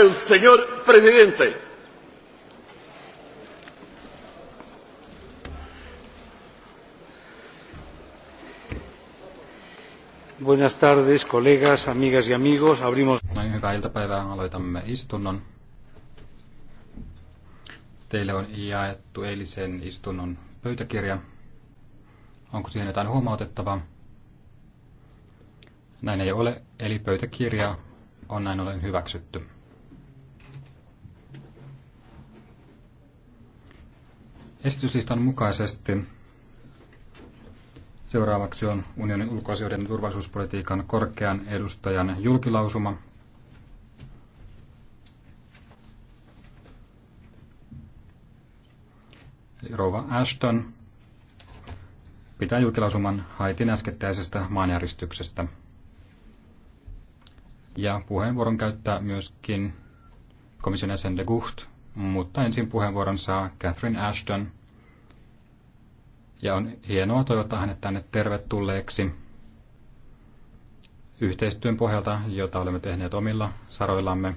el señor presidente. Buenas tardes, colegas, amigas y amigos. Abrimos... istunnon. Teille on jaettu eilisen istunnon pöytäkirja. Onko siihen jotain huomautettavaa? Näin ei ole, eli pöytäkirja on näin ollen hyväksytty. Esityslistan mukaisesti seuraavaksi on unionin ulkoasioiden turvallisuuspolitiikan korkean edustajan julkilausuma. Rova Ashton pitää julkilausuman Haitin äskettäisestä maanjäristyksestä. Ja puheenvuoron käyttää myöskin komission jäsen de Gucht mutta ensin puheenvuoron saa Catherine Ashton. Ja on hienoa toivottaa hänet tänne tervetulleeksi yhteistyön pohjalta, jota olemme tehneet omilla saroillamme.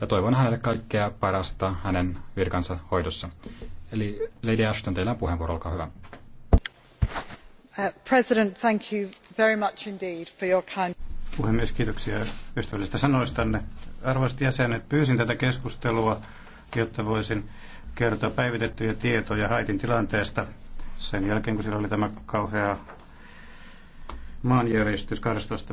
Ja toivon hänelle kaikkea parasta hänen virkansa hoidossa. Eli Lady Ashton, teillä on puheenvuoro, olkaa hyvä. Uh, President, thank you very much indeed for your kind... Puhemies, kiitoksia ystävällisistä sanoistanne. Arvoisat jäsenet, pyysin tätä keskustelua jotta voisin kertoa päivitettyjä tietoja Haitin tilanteesta sen jälkeen, kun siellä oli tämä kauhea maanjäristys 12.